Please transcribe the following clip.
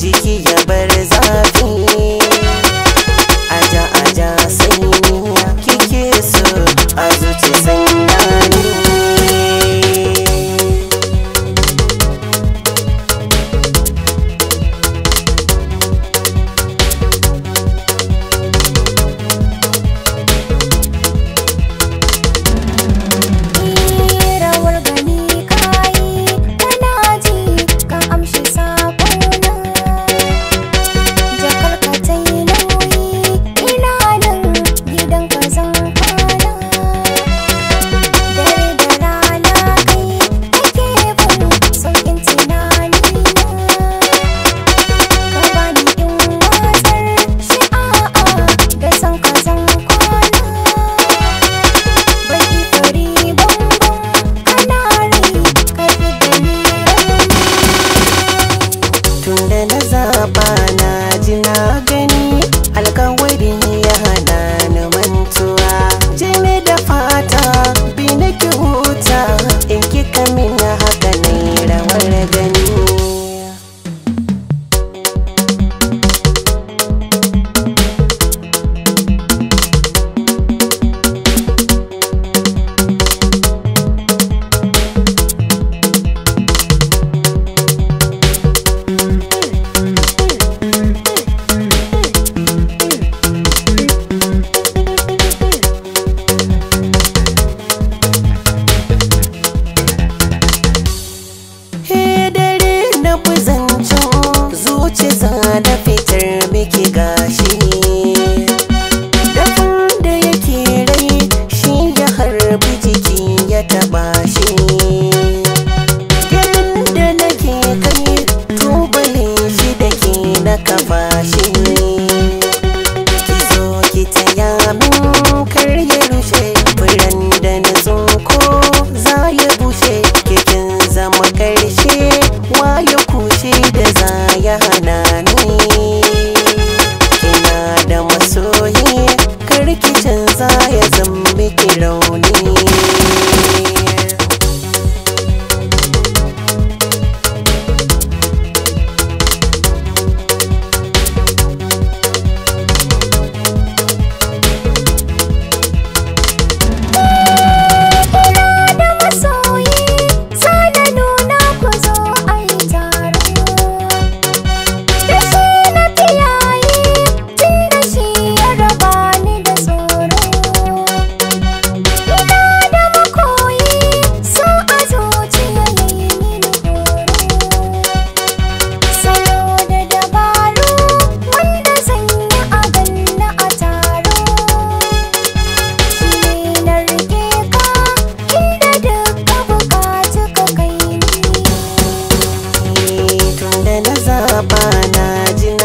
jiki ya bar na tafi da na zaba na jin